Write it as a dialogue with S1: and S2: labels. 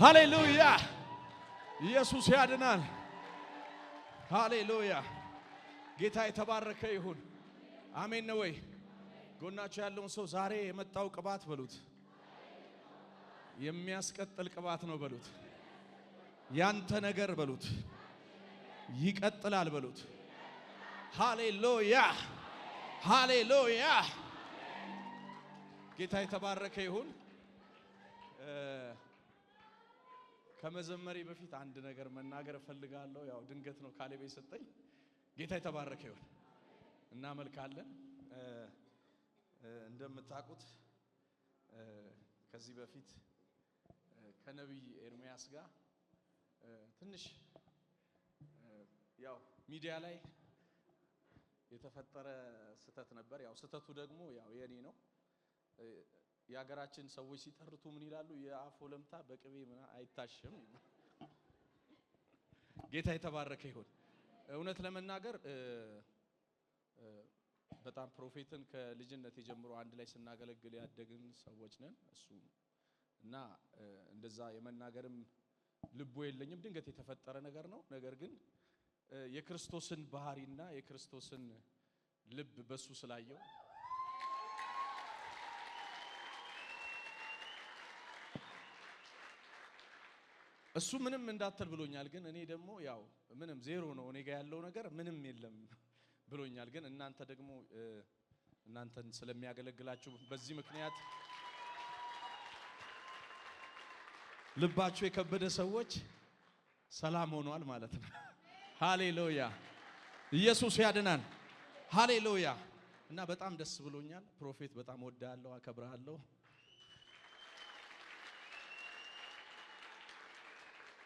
S1: ሃሌሉያ! ኢየሱስ ያድናል። ሃሌሉያ! ጌታ የተባረከ ይሁን። አሜን ነው ወይ? ጎናቸው ያለውን ሰው ዛሬ የመጣው ቅባት በሉት፣ የሚያስቀጥል ቅባት ነው በሉት፣ ያንተ ነገር በሉት፣ ይቀጥላል በሉት። ሃሌሉያ! ሃሌሉያ! ጌታ የተባረከ ይሁን። ከመዘመሬ በፊት አንድ ነገር መናገር እፈልጋለሁ። ያው ድንገት ነው ካሌብ የሰጠኝ። ጌታ የተባረከ ይሁን። እናመልካለን። እንደምታውቁት ከዚህ በፊት ከነቢይ ኤርሚያስ ጋር ትንሽ ያው ሚዲያ ላይ የተፈጠረ ስህተት ነበር። ያው ስህተቱ ደግሞ ያው የኔ ነው። የሀገራችን ሰዎች ሲተርቱ ምን ይላሉ? የአፍ ወለምታ በቅቤ ምና አይታሽም። ጌታ የተባረከ ይሁን። እውነት ለመናገር በጣም ፕሮፌትን ከልጅነት ጀምሮ አንድ ላይ ስናገለግል ያደግን ሰዎች ነን። እሱ እና እንደዛ የመናገርም ልቦ የለኝም። ድንገት የተፈጠረ ነገር ነው። ነገር ግን የክርስቶስን ባህሪና የክርስቶስን ልብ በሱ ስላየው እሱ ምንም እንዳትል ብሎኛል። ግን እኔ ደግሞ ያው ምንም ዜሮ ነው እኔ ጋር ያለው ነገር ምንም የለም ብሎኛል። ግን እናንተ ደግሞ እናንተን ስለሚያገለግላችሁ በዚህ ምክንያት ልባችሁ የከበደ ሰዎች ሰላም ሆኗል ማለት ነው። ሃሌሉያ! ኢየሱስ ያድናል። ሃሌሉያ! እና በጣም ደስ ብሎኛል። ፕሮፌት በጣም ወዳለሁ፣ አከብርሃለሁ።